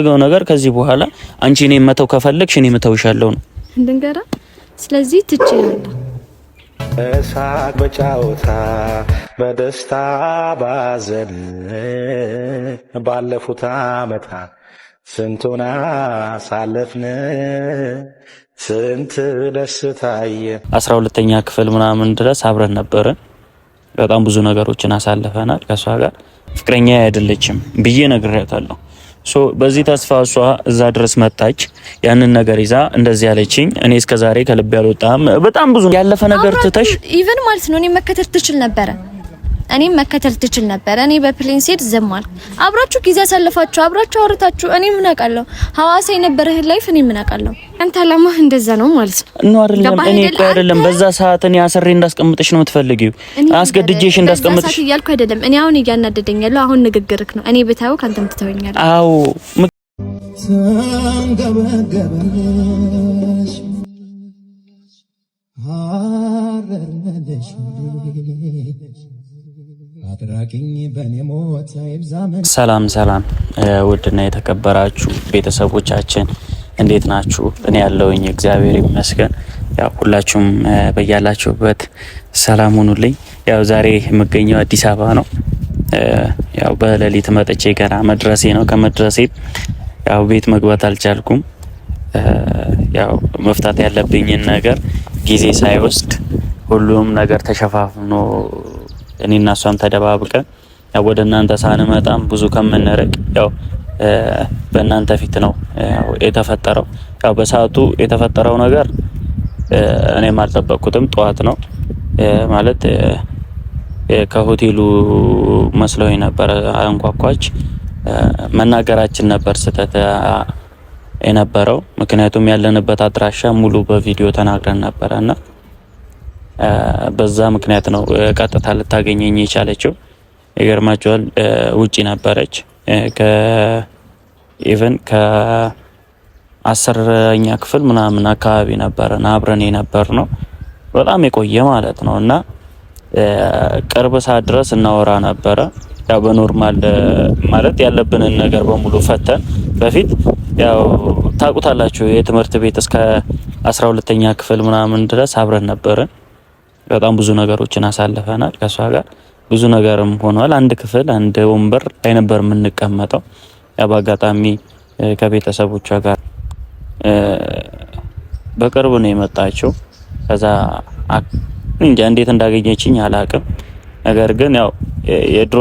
የምፈልገው ነገር ከዚህ በኋላ አንቺ እኔ መተው ከፈለግሽ እኔ መተውሻለሁ ነው እንድንገራ። ስለዚህ ትችላለህ። በሳቅ በጫወታ በደስታ ባዘን ባለፉት መታ ስንቱን አሳለፍን፣ ስንት ደስታየ አስራ ሁለተኛ ክፍል ምናምን ድረስ አብረን ነበርን። በጣም ብዙ ነገሮችን አሳልፈናል። ከእሷ ጋር ፍቅረኛ አይደለችም ብዬ ነግሬያታለሁ። በዚህ ተስፋ እሷ እዛ ድረስ መጣች። ያንን ነገር ይዛ እንደዚህ ያለችኝ እኔ እስከ ዛሬ ከልብ ያልወጣም በጣም ብዙ ያለፈ ነገር ትተሽ ኢቨን ማለት ነው እኔ መከተል ትችል ነበረ እኔም መከተል ትችል ነበረ። እኔ በፕሌን ሴድ ዝም አልኩ። አብራችሁ ጊዜ ያሳልፋችሁ፣ አብራችሁ አውርታችሁ እኔ ምን አውቃለሁ። ሐዋሳ የነበረህ ላይፍ እኔ ምን አውቃለሁ። አንተ አላማ እንደዛ ነው ማለት ነው አይደለም? እኔ እኮ አይደለም በዛ ሰዓት እኔ አስሬ እንዳስቀምጥሽ ነው የምትፈልጊው፣ አስገድጄሽ እንዳስቀምጥሽ እያልኩ አይደለም። እኔ አሁን እያናደደኝ ያለው አሁን ንግግርክ ነው። እኔ ብታዩ ካንተም ትተወኛለህ። አዎ ሰላም ሰላም፣ ውድና የተከበራችሁ ቤተሰቦቻችን እንዴት ናችሁ? እኔ ያለውኝ እግዚአብሔር ይመስገን። ያው ሁላችሁም በያላችሁበት ሰላም ሁኑልኝ። ያው ዛሬ የምገኘው አዲስ አበባ ነው። ያው በሌሊት መጥቼ ገና መድረሴ ነው። ከመድረሴ ያው ቤት መግባት አልቻልኩም። ያው መፍታት ያለብኝን ነገር ጊዜ ሳይወስድ ሁሉም ነገር ተሸፋፍኖ እኔና እሷም ተደባብቀን ያው ወደ እናንተ ሳንመጣም ብዙ ከምንርቅ ያው በእናንተ ፊት ነው የተፈጠረው። ያው በሰዓቱ የተፈጠረው ነገር እኔም አልጠበቅኩትም። ጠዋት ነው ማለት ከሆቴሉ መስሎኝ ነበረ። አንኳኳች። መናገራችን ነበር ስህተት የነበረው ምክንያቱም ያለንበት አድራሻ ሙሉ በቪዲዮ ተናግረን ነበረ እና በዛ ምክንያት ነው ቀጥታ ልታገኘኝ የቻለችው። ይገርማችኋል ውጪ ነበረች። ኢቨን ከአስረኛ ክፍል ምናምን አካባቢ ነበረን አብረን የነበር ነው በጣም የቆየ ማለት ነው። እና ቅርብ ሰዓት ድረስ እናወራ ነበረ። ያው በኖርማል ማለት ያለብንን ነገር በሙሉ ፈተን በፊት ያው ታውቁታላችሁ የትምህርት ቤት እስከ አስራ ሁለተኛ ክፍል ምናምን ድረስ አብረን ነበርን። በጣም ብዙ ነገሮችን አሳልፈናል ከእሷ ጋር ብዙ ነገርም ሆኗል። አንድ ክፍል አንድ ወንበር ላይ ነበር የምንቀመጠው። ያ በአጋጣሚ ከቤተሰቦቿ ጋር በቅርብ ነው የመጣችው። ከዛ እንጃ እንዴት እንዳገኘችኝ አላቅም። ነገር ግን ያው የድሮ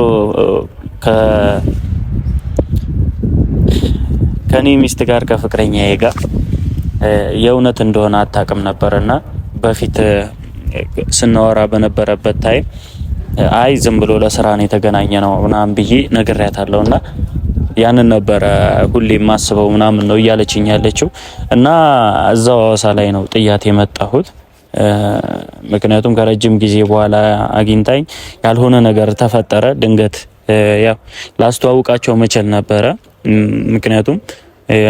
ከኔ ሚስት ጋር ከፍቅረኛዬ ጋር የእውነት እንደሆነ አታቅም ነበርና በፊት ስናወራ በነበረበት ታይም አይ ዝም ብሎ ለስራ ነው የተገናኘ ነው ምናምን ብዬ ነግሬያታለሁ እና ያንን ነበረ ሁሌ የማስበው ምናምን ነው እያለችኝ ያለችው እና እዛው አዋሳ ላይ ነው ጥያት የመጣሁት። ምክንያቱም ከረጅም ጊዜ በኋላ አግኝታኝ ያልሆነ ነገር ተፈጠረ። ድንገት ያው ላስተዋውቃቸው መችል ነበረ። ምክንያቱም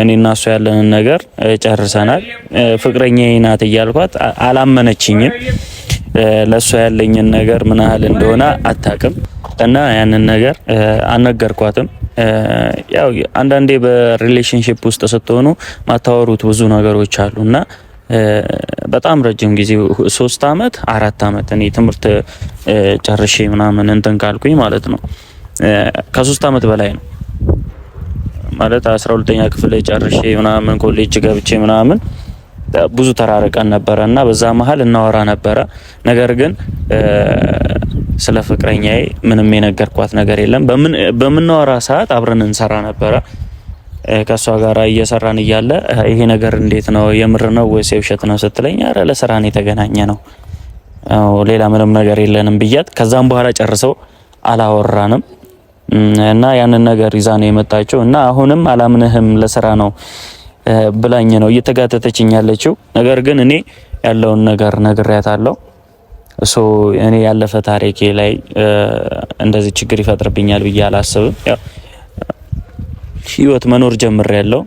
እኔ እና እሷ ያለንን ነገር ጨርሰናል። ፍቅረኛ ናት እያልኳት አላመነችኝም። ለእሷ ያለኝን ነገር ምን ያህል እንደሆነ አታውቅም እና ያንን ነገር አልነገርኳትም። ያው አንዳንዴ በሪሌሽንሽፕ ውስጥ ስትሆኑ ማታወሩት ብዙ ነገሮች አሉ እና በጣም ረጅም ጊዜ ሶስት አመት አራት አመት እኔ ትምህርት ጨርሼ ምናምን እንትን ካልኩኝ ማለት ነው ከሶስት አመት በላይ ነው ማለት አስራ ሁለተኛ ክፍል ጨርሼ ምናምን ኮሌጅ ገብቼ ምናምን ብዙ ተራርቀን ነበረ እና በዛ መሀል እናወራ ነበረ። ነገር ግን ስለ ፍቅረኛዬ ምንም የነገርኳት ነገር የለም። በምናወራ ሰዓት አብረን እንሰራ ነበረ። ከእሷ ጋር እየሰራን እያለ ይሄ ነገር እንዴት ነው የምር ነው ወይስ የውሸት ነው ስትለኝ፣ ኧረ ለስራ ነው የተገናኘ ነው ሌላ ምንም ነገር የለንም ብያት፣ ከዛም በኋላ ጨርሰው አላወራንም እና ያንን ነገር ይዛ ነው የመጣችው እና አሁንም አላምንህም ለስራ ነው ብላኝ ነው እየተጋተተችኝ ያለችው። ነገር ግን እኔ ያለውን ነገር ነግሬያታለሁ። እሱ እኔ ያለፈ ታሪኬ ላይ እንደዚህ ችግር ይፈጥርብኛል ብዬ አላስብም። ህይወት መኖር ጀምር ያለው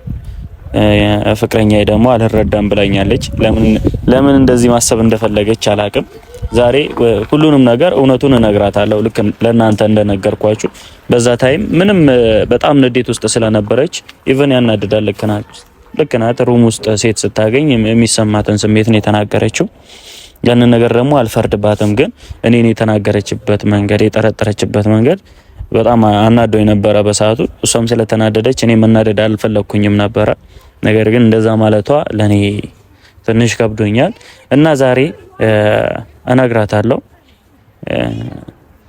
ፍቅረኛዬ ደግሞ አልረዳም ብላኛለች። ለምን ለምን እንደዚህ ማሰብ እንደፈለገች አላቅም። ዛሬ ሁሉንም ነገር እውነቱን እነግራታለሁ። ልክ ለእናንተ እንደነገርኳችሁ በዛ ታይም ምንም በጣም ንዴት ውስጥ ስለነበረች ኢቨን ያናድዳል። ልክ ናችሁ። ልክ ናት። ሩም ውስጥ ሴት ስታገኝ የሚሰማትን ስሜት ነው የተናገረችው። ያንን ነገር ደግሞ አልፈርድባትም። ግን እኔን የተናገረችበት መንገድ የጠረጠረችበት መንገድ በጣም አናዶኝ ነበረ በሰዓቱ። እሷም ስለተናደደች እኔ መናደድ አልፈለግኩኝም ነበረ። ነገር ግን እንደዛ ማለቷ ለእኔ ትንሽ ከብዶኛል እና ዛሬ እነግራታለሁ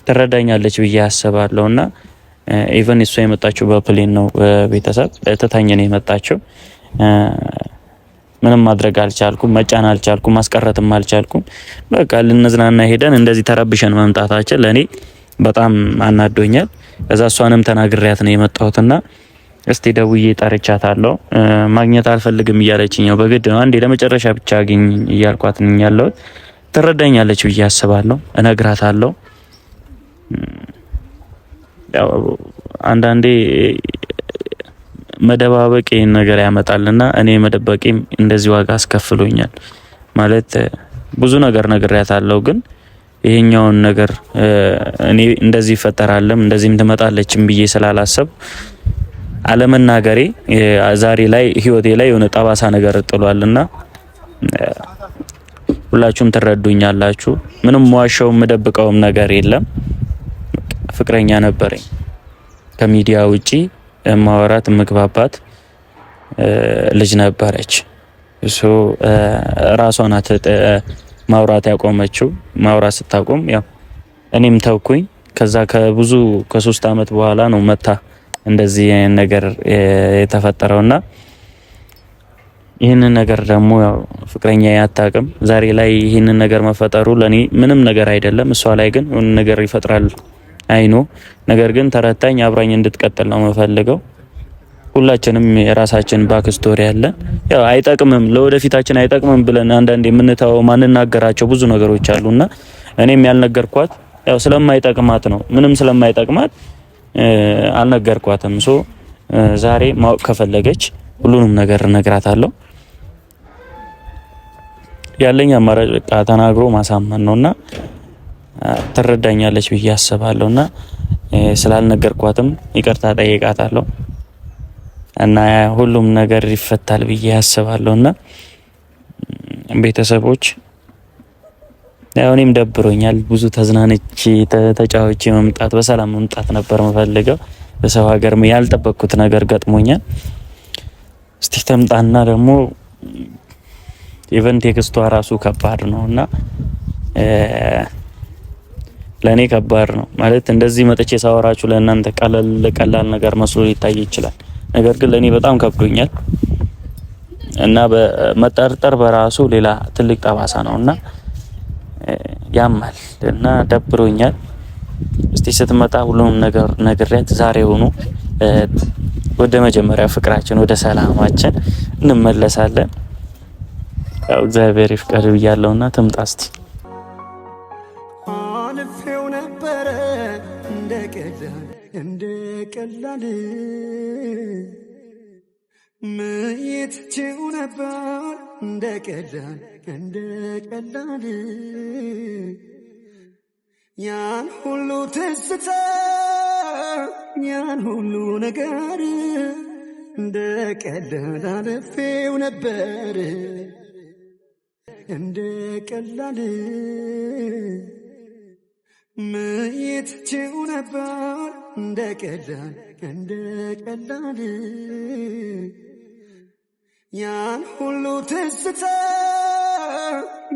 ትረዳኛለች ብዬ አስባለሁ እና ኢቨን እሷ የመጣችው በፕሌን ነው። ቤተሰብ ትታኝ ነው የመጣችው። ምንም ማድረግ አልቻልኩም፣ መጫን አልቻልኩም፣ ማስቀረትም አልቻልኩም። በቃ ልንዝናና ሄደን እንደዚህ ተረብሸን መምጣታችን ለእኔ በጣም አናዶኛል። እዛ እሷንም ተናግሪያት ነው የመጣሁትና እስቲ ደውዬ ጠርቻታለሁ። ማግኘት አልፈልግም እያለችኝ ነው። በግድ ነው አንዴ ለመጨረሻ ብቻ አግኝ እያልኳት ነኝ ያለሁት። ትረዳኛለች ብዬ አስባለሁ። እነግራታለሁ። አንዳንዴ መደባበቅ ይህን ነገር ያመጣልና እኔ መደበቂም እንደዚህ ዋጋ አስከፍሎኛል። ማለት ብዙ ነገር ነግሬያታለሁ፣ ግን ይሄኛውን ነገር እኔ እንደዚህ ይፈጠራለም እንደዚህም ትመጣለችም ብዬ ስላላሰብ አለመናገሬ ዛሬ ላይ ህይወቴ ላይ የሆነ ጠባሳ ነገር ጥሏልና ሁላችሁም ትረዱኛላችሁ። ምንም ዋሻው የምደብቀውም ነገር የለም። ፍቅረኛ ነበረኝ ከሚዲያ ውጪ ማወራት መግባባት ልጅ ነበረች። እሱ ራሷ ናት ማውራት ያቆመችው። ማውራት ስታቆም ያው እኔም ተውኩኝ። ከዛ ከብዙ ከሶስት አመት በኋላ ነው መታ እንደዚህ ነገር የተፈጠረውና ይህንን ነገር ደግሞ ያው ፍቅረኛ ያታቅም ዛሬ ላይ ይህንን ነገር መፈጠሩ ለኔ ምንም ነገር አይደለም። እሷ ላይ ግን ነገር ይፈጥራል አይኖ ነገር ግን ተረታኝ፣ አብራኝ እንድትቀጥል ነው የምፈልገው። ሁላችንም የራሳችን ባክ ስቶሪ ያለን ያው አይጠቅምም፣ ለወደፊታችን አይጠቅምም ብለን አንዳንዴ የምንተው ማንናገራቸው ብዙ ነገሮች አሉና እኔም ያልነገርኳት ያው ስለማይጠቅማት ነው። ምንም ስለማይጠቅማት አልነገርኳትም። ሶ ዛሬ ማወቅ ከፈለገች ሁሉንም ነገር እነግራታለሁ። ያለኝ አማራጭ በቃ ተናግሮ ማሳመን ነውና ትረዳኛለች ብዬ አስባለሁ እና ስላልነገርኳትም ይቅርታ ጠይቃታለሁ እና ሁሉም ነገር ይፈታል ብዬ አስባለሁ እና ቤተሰቦች ያው እኔም ደብሮኛል። ብዙ ተዝናነች ተጫዋች መምጣት በሰላም መምጣት ነበር የምፈልገው። በሰው ሀገር ያልጠበቅኩት ነገር ገጥሞኛል። እስቲ ተምጣና ደግሞ ኢቨንት ቴክስቷ ራሱ ከባድ ነው እና ለእኔ ከባድ ነው ማለት እንደዚህ መጥቼ ሳወራችሁ ለእናንተ ቀለል ቀላል ነገር መስሎ ሊታይ ይችላል። ነገር ግን ለእኔ በጣም ከብዶኛል እና መጠርጠር በራሱ ሌላ ትልቅ ጠባሳ ነው እና ያማል እና ደብሮኛል። እስቲ ስትመጣ ሁሉንም ነገር ነግሬያት ዛሬ ሆኖ ወደ መጀመሪያ ፍቅራችን ወደ ሰላማችን እንመለሳለን። ያው እግዚአብሔር ይፍቀድ ብያለሁና ትምጣ እስቲ ቀላል መየት ችው ነበር እንደ ቀላል እንደ ቀላል ያን ሁሉ ትዝታ ያን ሁሉ ነገር እንደ ቀላል አለፌው ነበር እንደ ቀላል መየት ነበር እንደ ቀላል እንደ ቀላል ያን ሁሉ ትዝታ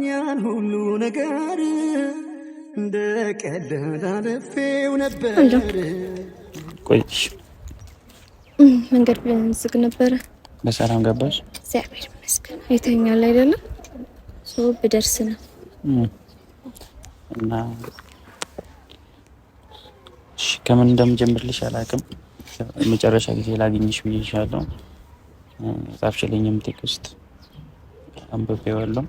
ያን ሁሉ ነገር እንደ ቀላል አለፌው ነበር። ቆይሽ መንገድ ዝግ ነበረ። በሰላም ገባሽ? እግዚአብሔር ይመስገን። አይተኛል አይደለም? ብደርስ ነው እና ከምን እንደምጀምርልሽ አላውቅም። መጨረሻ ጊዜ ላግኝሽ ብዬሻለሁ። ጻፍሽልኝም ቴክስት አንብቤዋለሁ።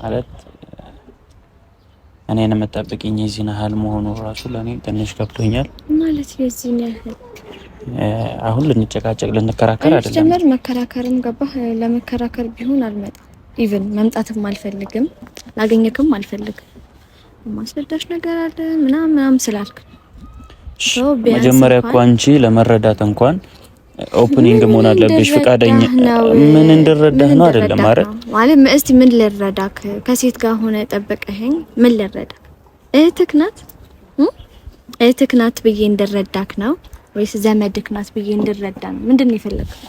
ማለት እኔን የምጠብቅኝ የዚህን ያህል መሆኑ ራሱ ለእኔ ትንሽ ገብቶኛል። ማለት የዚህን ያህል አሁን ልንጨቃጨቅ ልንከራከር አይደለም። ጀመር መከራከርም ገባህ? ለመከራከር ቢሆን አልመጣም። ኢቨን መምጣትም አልፈልግም፣ ላገኘክም አልፈልግም ማስረዳሽ ነገር አለ ምናምን ምናምን ስላልክ መጀመሪያ እኮ አንቺ ለመረዳት እንኳን ኦፕኒንግ መሆን አለብሽ። ፍቃደኛ ምን እንድረዳህ ነው አይደለም? ማለት ማለት እስቲ ምን ልረዳክ? ከሴት ጋር ሆነ ጠበቀኸኝ፣ ምን ልረዳክ? እህትክ ናት እህትክ ናት ብዬ እንድረዳክ ነው ወይስ ዘመድክ ናት ብዬ እንድረዳ ነው? ምንድን ነው የፈለግከው?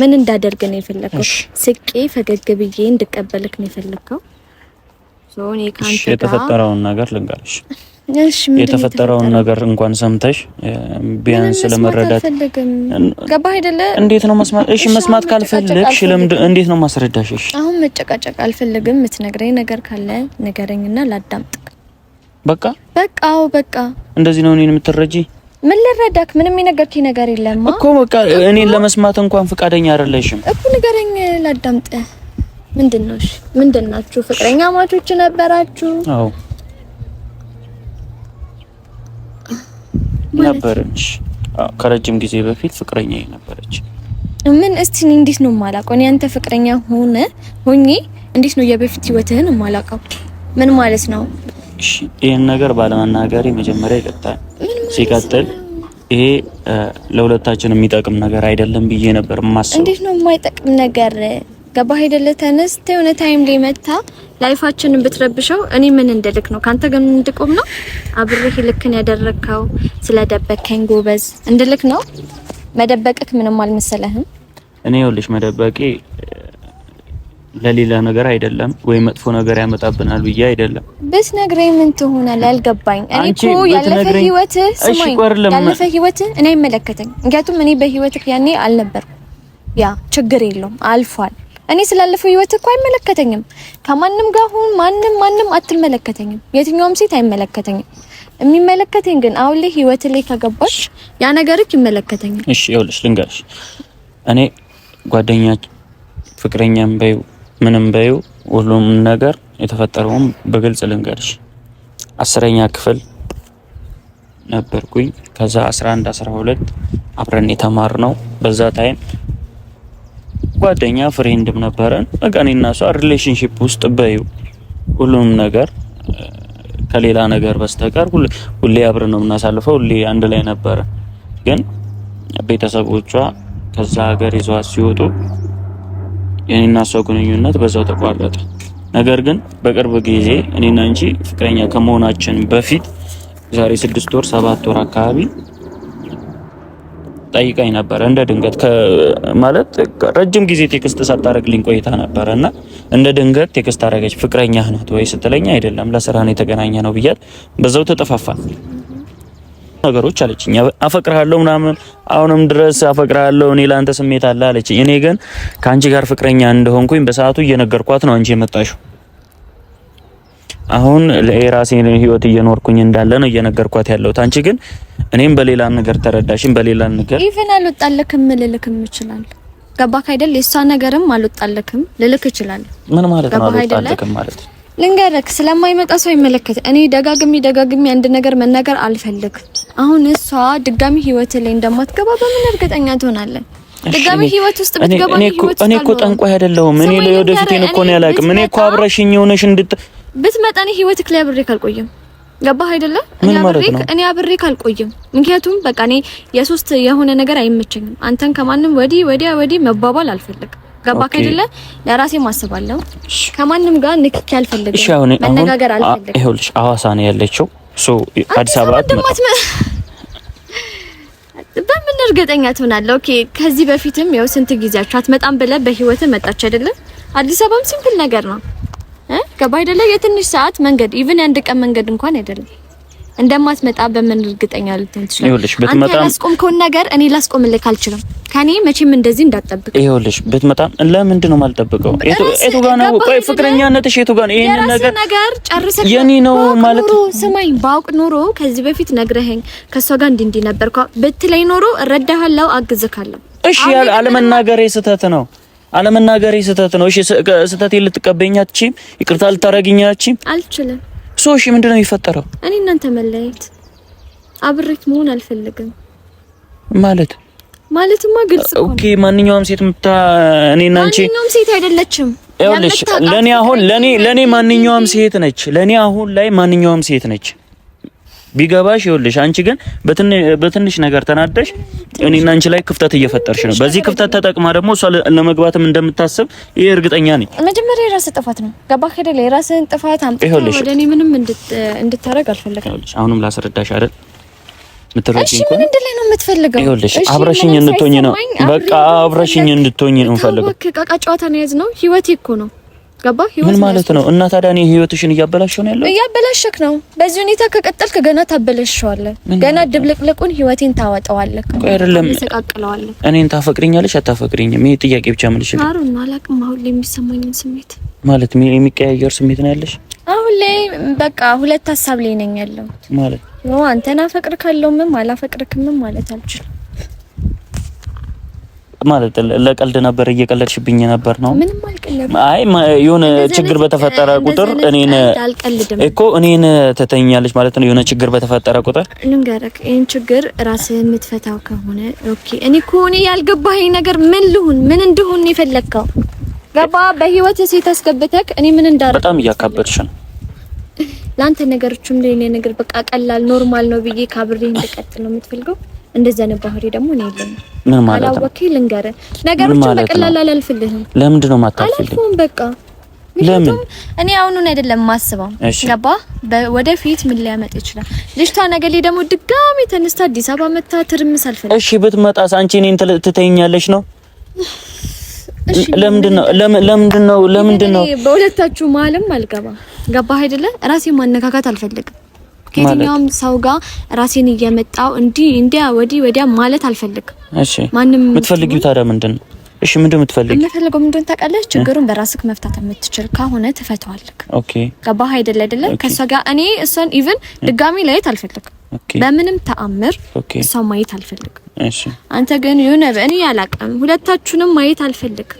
ምን እንዳደርግ ነው የፈለግከው? ስቄ ፈገግ ብዬ እንድቀበልክ ነው የፈለግከው? የተፈጠረውን ነገር ልንገርሽ። የተፈጠረውን ነገር እንኳን ሰምተሽ ቢያንስ ለመረዳት ገባ አይደለ? እንዴት ነው መስማት? እሺ መስማት ካልፈለግሽ እንዴት ነው ማስረዳሽ? እሺ አሁን መጨቃጨቅ አልፈልግም። የምትነግረኝ ነገር ካለ ንገረኝና ላዳምጥ። በቃ በቃ በቃ። እንደዚህ ነው እኔን የምትረጂ? ምን ልረዳክ? ምንም የነገርከኝ ነገር የለም እኮ በቃ እኔን ለመስማት እንኳን ፍቃደኛ አይደለሽም እኮ። ንገረኝ ላዳምጥ። ምንድን ነው? እሺ ምንድን ናችሁ? ፍቅረኛ ማቾች ነበራችሁ? አዎ ነበረች። ከረጅም ጊዜ በፊት ፍቅረኛ ነበረች። ምን እስቲ እንዴት ነው የማላውቀው? እኔ አንተ ፍቅረኛ ሆነ ሆኜ እንዴት ነው የበፊት ህይወትህን የማላውቀው? ምን ማለት ነው? እሺ ይሄን ነገር ባለመናገሬ መጀመሪያ ይቀጣል። ሲቀጥል ይሄ ለሁለታችን የሚጠቅም ነገር አይደለም ብዬ ነበር ማሰብ። እንዴት ነው የማይጠቅም ነገር ገባ ሄደለ ተነስተ የሆነ ታይም ላይ መታ ላይፋችንን ብትረብሸው እኔ ምን እንድልክ ነው? ካንተ ግን እንድቆም ነው? አብርህ ልክን ያደረግከው ስለደበከኝ ጎበዝ እንድልክ ነው? መደበቅክ ምንም አልመሰለህም? እኔ ይኸውልሽ መደበቄ ለሌላ ነገር አይደለም ወይ መጥፎ ነገር ያመጣብናል ብዬ አይደለም። ብትነግረኝ ምን ትሆናለህ? አልገባኝ። እኔ እኮ ያለፈ ህይወትህ ስማኝ፣ ያለፈ ህይወት እኔ አይመለከተኝ። ምክንያቱም እኔ በህይወት ያኔ አልነበርኩም። ያ ችግር የለውም አልፏል። እኔ ስላለፈው ህይወት እኮ አይመለከተኝም። ከማንም ጋር ሁን ማንም ማንም አትመለከተኝም። የትኛውም ሴት አይመለከተኝም። የሚመለከተኝ ግን አሁን ላይ ህይወት ላይ ከገባሽ ያ ነገርክ ይመለከተኛል። እሺ ይኸውልሽ፣ ልንገርሽ እኔ ጓደኛ ፍቅረኛም በዩ ምንም በዩ ሁሉም ነገር የተፈጠረውም በግልጽ ልንገርሽ፣ አስረኛ ክፍል ነበርኩኝ። ከዛ 11 12 አብረን የተማርነው በዛ ታይም ጓደኛ ፍሬንድም ነበረን። በቃ እኔና እሷ ሪሌሽንሽፕ ውስጥ በዩ ሁሉንም ነገር ከሌላ ነገር በስተቀር ሁሌ አብረን ነው የምናሳልፈው። ሁሌ አንድ ላይ ነበረ። ግን ቤተሰቦቿ ከዛ ሀገር ይዟት ሲወጡ የኔና እሷ ግንኙነት በዛው ተቋረጠ። ነገር ግን በቅርብ ጊዜ እኔና እንጂ ፍቅረኛ ከመሆናችን በፊት ዛሬ ስድስት ወር ሰባት ወር አካባቢ ጠይቃኝ ነበረ። እንደ ድንገት ማለት ረጅም ጊዜ ቴክስት ሳታረግልኝ ቆይታ ነበረ እና እንደ ድንገት ቴክስት አረገች። ፍቅረኛ ናት ወይ ስትለኝ አይደለም ለስራ ነው የተገናኘ ነው ብያት፣ በዛው ተጠፋፋ ነገሮች አለችኝ። አፈቅርሃለሁ ምናምን አሁንም ድረስ አፈቅርሃለሁ እኔ ለአንተ ስሜት አለ አለችኝ። እኔ ግን ከአንቺ ጋር ፍቅረኛ እንደሆንኩኝ በሰዓቱ እየነገርኳት ነው አንቺ የመጣሽው አሁን የራሴን ህይወት እየኖርኩኝ እንዳለ ነው እየነገርኳት ያለሁት። አንቺ ግን እኔም በሌላ ነገር ተረዳሽኝ፣ በሌላ ነገር ኢቭን አልወጣልክም ልልክም ይችላል። ገባክ አይደል? የእሷ ነገርም አልወጣልክም ልልክ ይችላል። ምን ማለት ነው አልወጣልክም ማለት? ልንገርክ፣ ስለማይመጣ ሰው ይመለከት። እኔ ደጋግሚ ደጋግሚ አንድ ነገር መናገር አልፈልግ። አሁን እሷ ድጋሚ ህይወት ላይ እንደማትገባ በምን እርግጠኛ ትሆናለን? ድጋሚ ህይወት ውስጥ ብትገባ እኔ እኮ ጠንቋይ አይደለሁም። እኔ ለወደፊቴን እኮ ነው ያላቅም። እኔ እኮ አብረሽኝ ሆነሽ እንድት ብትመጣ እኔ ህይወትክ ላይ አብሬክ አልቆይም። ገባህ አይደለ? እኔ አብሬክ እኔ አብሬክ አልቆይም። ምክንያቱም በቃ እኔ የሶስት የሆነ ነገር አይመቸኝም። አንተን ከማንም ወዲህ ወዲያ ወዲህ መባባል አልፈልግም። ገባህ አይደለ? ለራሴ ማስባለሁ። ከማንም ጋር ንክኪ አልፈልግም። እሺ አሁን መነጋገር አልፈልግም። ይኸውልሽ ሐዋሳ ነው ያለችው። ሶ አዲስ አበባ በምን እርግጠኛ ትሆናለህ? ኦኬ ከዚህ በፊትም ያው ስንት ጊዜያችሁ አትመጣም ብለህ በህይወት መጣች አይደለ? አዲስ አበባም ሲምፕል ነገር ነው ገባ አይደለ? የትንሽ ሰዓት መንገድ ኢቭን የአንድ ቀን መንገድ እንኳን አይደለም። እንደማትመጣ በምን እርግጠኛ ልትሆን ትችላለህ? ይኸውልሽ ብትመጣም ላስቆምከውን ነገር እኔ ላስቆምልህ አልችልም። ከኔ መቼም እንደዚህ እንዳትጠብቅ። ይኸውልሽ ብትመጣም ለምንድን ነው የማልጠብቀው? የቱ ጋር ነው ቆይ ፍቅረኛነትሽ የቱ ጋር ነው? ይሄን ነገር ነገር ጨርሰህ የኔ ነው ማለት ስማኝ፣ ባውቅ ኖሮ ከዚህ በፊት ነግረኸኝ ከሷ ጋር እንዲህ እንዲህ ነበርኩ ብትለኝ ኖሮ እረዳሃለሁ፣ አግዝካለሁ። እሺ አለመናገሬ ስህተት ነው አለመናገሬ ስህተት ነው። እሺ ስህተቴን ልትቀበይኝ አትችይም? ይቅርታ ልታረግኝ አትችይም? አልችልም። ሶ እሺ፣ ምንድን ነው የሚፈጠረው? እኔ እናንተ መለያየት፣ አብሬት መሆን አልፈልግም። ማለት ማለትማ ግልጽ ነው። ኦኬ፣ ማንኛውም ሴት ምታ እኔ እና አንቺ ማንኛውም ሴት አይደለችም። ይኸውልሽ ለኔ አሁን ለኔ ለኔ ማንኛውም ሴት ነች። ለኔ አሁን ላይ ማንኛውም ሴት ነች። ቢገባሽ ይኸውልሽ፣ አንቺ ግን በትንሽ ነገር ተናደሽ እኔና አንቺ ላይ ክፍተት እየፈጠርሽ ነው። በዚህ ክፍተት ተጠቅማ ደግሞ እሷ ለመግባትም እንደምታስብ ይሄ እርግጠኛ ነኝ። መጀመሪያ የራስህ ጥፋት ነው። ገባህ አይደል? የራስህን ጥፋት አምጥተህ ወደ እኔ ምንም እንድታረግ አልፈለግም። አሁንም ላስረዳሽ አይደል ምትረጂኝ እኮ ምን ነው የምትፈልገው? ይኸውልሽ አብረሽኝ እንድትሆኝ ነው። በቃ አብረሽኝ እንድትሆኝ ነው የምፈልገው። ጨዋታ ነው የያዝነው። ህይወቴ እኮ ነው ገባ ህይወት ምን ማለት ነው? እና ታዲያ እኔ ህይወትሽን እያበላሸው ነው ያለው። እያበላሸክ ነው። በዚህ ሁኔታ ከቀጠልክ ገና ታበላሸዋለህ። ገና ድብልቅልቁን ህይወቴን ታወጣዋለህ። ቆይ አይደለም ተቃቅለዋለህ። እኔን ታፈቅሪኛለሽ አታፈቅሪኝም? ይሄ ጥያቄ ብቻ መልሽ። አሩን አላውቅም። አሁን ላይ የሚሰማኝን ስሜት ማለት የሚቀያየር ስሜት ነው ያለሽ? አሁን ላይ በቃ ሁለት ሀሳብ ላይ ነኝ ያለው ማለት ነው። አንተን አፈቅርካለሁም አላፈቅርክም ማለት አልችልም ማለት ለቀልድ ነበር፣ እየቀለድሽብኝ ነበር ነው። አይ የሆነ ችግር በተፈጠረ ቁጥር እኔን እኮ እኔን ትተኛለች ማለት ነው። የሆነ ችግር በተፈጠረ ቁጥር ልንገረክ፣ ይህን ችግር ራስህ የምትፈታው ከሆነ ኦኬ። እኔ እኮ እኔ ያልገባኸኝ ነገር ምን ልሁን ምን እንድሁን የፈለግከው ገባ። በህይወት ሴት አስገብተክ እኔ ምን እንዳረ በጣም እያካበድሽ ነው። ለአንተ ነገሮችም ለኔ ነገር በቃ ቀላል ኖርማል ነው ብዬ ካብሬ እንድቀጥል ነው የምትፈልገው? እንደዚህ አይነት ባህሪ ደግሞ እኔ የለኝም። ምን ማለት ነው? አላወቅህ ልንገር፣ ነገሮችን በቀላል አላልፍልህም። ለምንድን ነው የማታልፍልኝ? በቃ ለምን እኔ አሁኑን አይደለም ማስበው፣ ገባ ወደፊት ምን ሊያመጣ ይችላል። ልጅቷ ነገ ነገሌ ደግሞ ድጋሚ ተነስታ አዲስ አበባ መታ ትርምስ አልፈልግም። እሺ ብትመጣስ አንቺ እኔን ትተኛለሽ ነው? ለምንድን ነው ለምንድን ነው ለምንድን ነው በሁለታችሁ ማለም አልገባ ገባ አይደለ? ራሴ ማነካካት አልፈልግም። ከየትኛውም ሰው ጋር ራሴን እየመጣው እንዲህ እንዲያ ወዲህ ወዲያ ማለት አልፈልግ። እሺ ማንም የምትፈልጊው ታዲያ ምንድን ነው? እሺ ምንድን የምትፈልጊው? የምፈልገው ምንድን ታውቃለህ? ችግሩን በራስህ መፍታት የምትችል ከሆነ ትፈታዋለህ። ኦኬ ገባህ አይደለ? አይደለ? ከእሷ ጋር እኔ እሷን ኢቭን ድጋሚ ለየት አልፈልግም። በምንም ተአምር እሷን ማየት አልፈልግ። እሺ አንተ ግን የሆነ እኔ አላውቅም፣ ሁለታችሁንም ማየት አልፈልግ።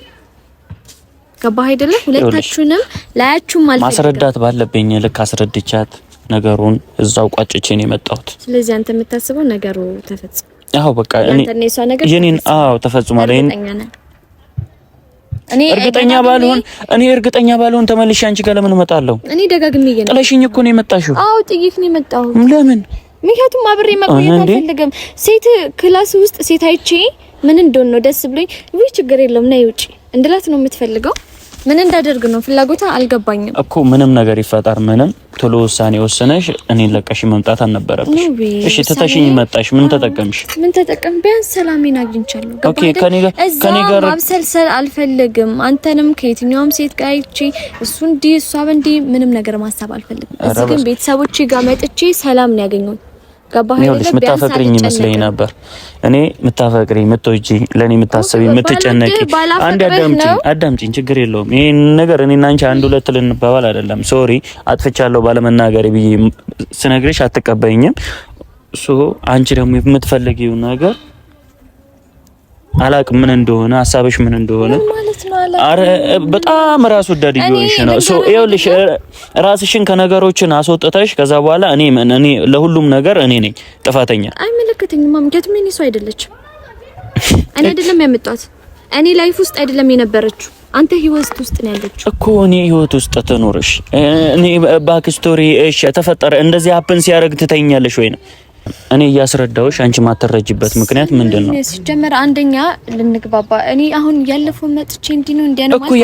ገባህ አይደለ? ሁለታችሁንም ላያችሁም አልፈልግም። ማስረዳት ባለብኝ ልክ አስረድቻት ነገሩን እዛው ቋጭቼ ነው የመጣሁት። ስለዚህ አንተ የምታስበው ነገሩ ተፈጽሞ አዎ፣ በቃ እኔ የኔን አዎ፣ ተፈጽሟል። እኔ እርግጠኛ ባልሆን እኔ እርግጠኛ ባልሆን ተመልሼ አንቺ ጋር ለምን እመጣለሁ? እኔ ደጋግሜ ይየን ጥለሽኝ እኮ ነው የመጣሽው። አዎ፣ ጥዬሽ ነው የመጣሁት። ለምን? ምክንያቱም አብሬ መቆየት አልፈልግም። ሴት ክላስ ውስጥ ሴት አይቼ ምን እንደሆነ ነው ደስ ብሎኝ፣ ችግር የለውም ና ይውጪ እንድላት ነው የምትፈልገው ምን እንዳደርግ ነው ፍላጎታ አልገባኝም እኮ። ምንም ነገር ይፈጠር ምንም ቶሎ ውሳኔ ወስነሽ እኔን ለቀሽ መምጣት አልነበረብሽ። እሺ ትተሽኝ መጣሽ። ምን ተጠቀምሽ? ምን ተጠቀም? ቢያንስ ሰላሜን አግኝቻለሁ። ኦኬ ከኔ ጋር ከኔ ጋር ማብሰልሰል አልፈልግም። አንተንም ከየትኛውም ሴት ጋር አይቺ እሱ እንዲህ እሷ እንዲህ ምንም ነገር ማሰብ አልፈልግም። እዚህ ግን ቤተሰቦቼ ጋር መጥቼ ሰላም ነው ያገኘሁት። ይኸውልሽ የምታፈቅሪኝ ይመስለኝ ነበር። እኔ የምታፈቅሪ የምትወጂ፣ ለእኔ የምታሰቢ፣ የምትጨነቂ አንድ አዳምጪኝ፣ አዳምጪኝ። ችግር የለውም ይህን ነገር እኔና አንቺ አንድ ሁለት ልንባባል አይደለም። ሶሪ አጥፍቻለሁ ባለመናገሬ ብዬ ስነግርሽ አትቀበይኝም። ሶ አንቺ ደግሞ የምትፈልጊው ነገር አላቅ ምን እንደሆነ ሀሳብሽ ምን እንደሆነ አረ በጣም ራስ ወዳድ ይሆንሽ ነው። ሶ ይኸውልሽ ራስሽን ከነገሮችን አስወጥተሽ ከዛ በኋላ እኔ እኔ ለሁሉም ነገር እኔ ነኝ ጥፋተኛ። አይመለከተኝም። ማምገት ምን ይሷ አይደለችም። እኔ አይደለም ያመጣት እኔ ላይፍ ውስጥ አይደለም የነበረችው አንተ ህይወት ውስጥ ነው ያለችው እኮ እኔ ህይወት ውስጥ ትኖርሽ እኔ ባክ ስቶሪ እሺ፣ ተፈጠረ እንደዚህ ሀፕን ሲያደርግ ትተኛለሽ ወይ ነው እኔ እያስረዳሁሽ አንቺ ማተረጅበት ምክንያት ምንድን ነው? ሲጀመር አንደኛ ልንግባባ። እኔ አሁን ያለፈው መጥቼ እንዲህ ነው እንዲያ ነው እኮ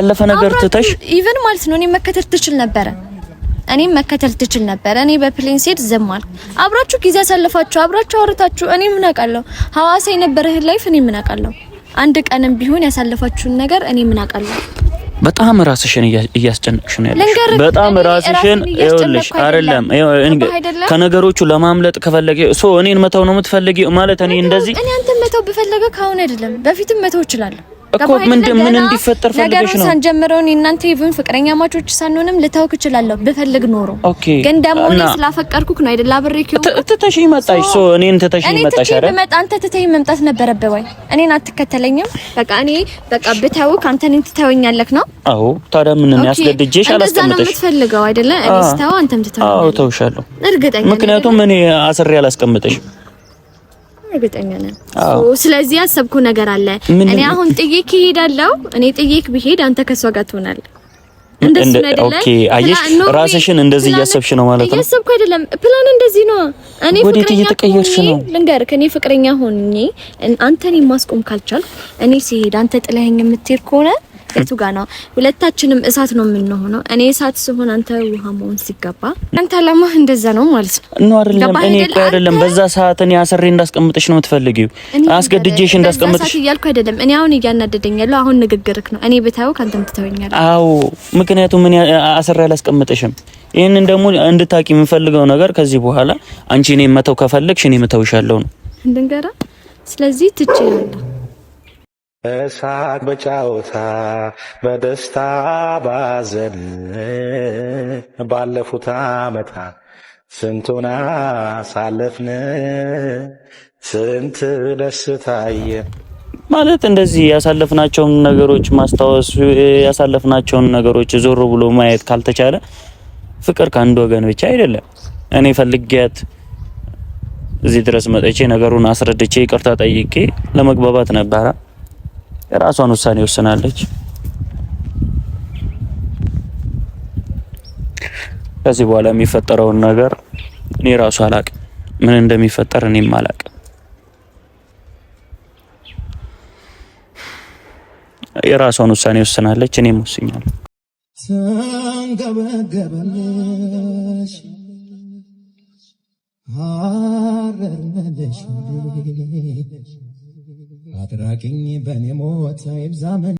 ያለፈ ነገር ትተሽ ኢቨን ማለት ነው እኔ መከተል ትችል ነበረ እኔም መከተል ትችል ነበር። እኔ በፕሌን ሴት ዝም አልኩ። አብራችሁ ጊዜ ያሳልፋችሁ፣ አብራችሁ አውርታችሁ፣ እኔ ምን አውቃለሁ? ሐዋሳ የነበረህን ላይፍ እኔ ምን አውቃለሁ? አንድ ቀንም ቢሆን ያሳለፋችሁን ነገር እኔ ምን አውቃለሁ? በጣም ራስሽን እያስጨነቅሽ ነው ያለሽ። በጣም ራስሽን ይኸውልሽ፣ አይደለም ከነገሮቹ ለማምለጥ ከፈለገ ሶ እኔን መተው ነው የምትፈልጊው ማለት እኔ እንደዚህ እኔ አንተን መተው ብፈለገ ካሁን አይደለም በፊትም መተው እችላለሁ እኮ ምን ምን እንዲፈጠር ፈልገሽ ነው? ሳንጀምረው እናንተ ኢቭን ፍቅረኛ ማቾች ሳንሆንም ልታውቅ እችላለሁ ብፈልግ ኖሮ። ኦኬ ግን ደግሞ እኔ ስላፈቀርኩክ ነው አይደል? አብሬክ ነው ትተሽኝ ይመጣሽ ሶ እኔን ትተሽኝ ይመጣሽ አይደል? እኔ ይመጣ አንተ ትተሽኝ መምጣት ነበረብህ ወይ? እኔን አትከተለኝም? በቃ እኔ በቃ ብታውቅ አንተ እኔን ትተውኛለህ ነው? አዎ። ታዲያ ምን ነው ያስገድጄሽ? አላስቀምጥሽ ነው የምትፈልገው አይደለ? እኔ ስታው አንተም ትተውኛለህ። አዎ ተውሻለሁ፣ እርግጠኛ ምክንያቱም እኔ አስሬ አላስቀምጥሽ እርግጠኛ ስለዚህ ያሰብኩ ነገር አለ። እኔ አሁን ጥዬክ እሄዳለሁ። እኔ ጥዬክ ብሄድ አንተ ከሷ ጋር ትሆናለህ። አየሽ፣ ራስሽን እንደዚህ እያሰብሽ ነው ማለት ነው። እያሰብኩ አይደለም፣ ፕላን እንደዚህ ነው። እኔ ፍቅረኛ እየተቀየርሽ ነው። ልንገርህ፣ እኔ ፍቅረኛ ሆኜ አንተን የማስቆም ካልቻልኩ እኔ ሲሄድ አንተ ጥለኸኝ የምትሄድ ከሆነ እሱ ጋር ነው። ሁለታችንም እሳት ነው የምንሆነው። እኔ እሳት ስሆን አንተ ውሃ መሆን ሲገባ አንተ አላማ እንደዛ ነው ማለት ነው። እኔ እኮ አይደለም በዛ ሰዓት እኔ አስሬ እንዳስቀምጥሽ ነው የምትፈልጊው፣ አስገድጄሽ እንዳስቀምጥሽ እያልኩ አይደለም። እኔ አሁን እያናደደኝ ያለው አሁን ንግግርክ ነው። እኔ ብታየው ካንተም ትተወኛለህ። አዎ ምክንያቱም እኔ አስሬ አላስቀምጥሽም። ይህንን ደግሞ እንድታቂ የምፈልገው ነገር ከዚህ በኋላ አንቺ እኔ መተው ከፈለግሽ እኔ መተውሻለሁ ነው እንድንገራ ስለዚህ ትችላለህ በሳቅ በጫወታ በደስታ ባዘን ባለፉት ዓመታት ስንቱን አሳለፍን ስንት ደስታየ ማለት እንደዚህ ያሳለፍናቸውን ነገሮች ማስታወስ ያሳለፍናቸውን ነገሮች ዞር ብሎ ማየት ካልተቻለ ፍቅር ከአንድ ወገን ብቻ አይደለም። እኔ ፈልጊያት እዚህ ድረስ መጥቼ ነገሩን አስረድቼ ይቅርታ ጠይቄ ለመግባባት ነበረ። የራሷን ውሳኔ ወስናለች። ከዚህ በኋላ የሚፈጠረውን ነገር እኔ ራሱ አላቅ ምን እንደሚፈጠር እኔም አላቅ። የራሷን ውሳኔ ወስናለች። እኔም ወስኛለሁ። ተንገበገበልሽ አረር አትራቂኝ በኔ ሞት አይብዛመን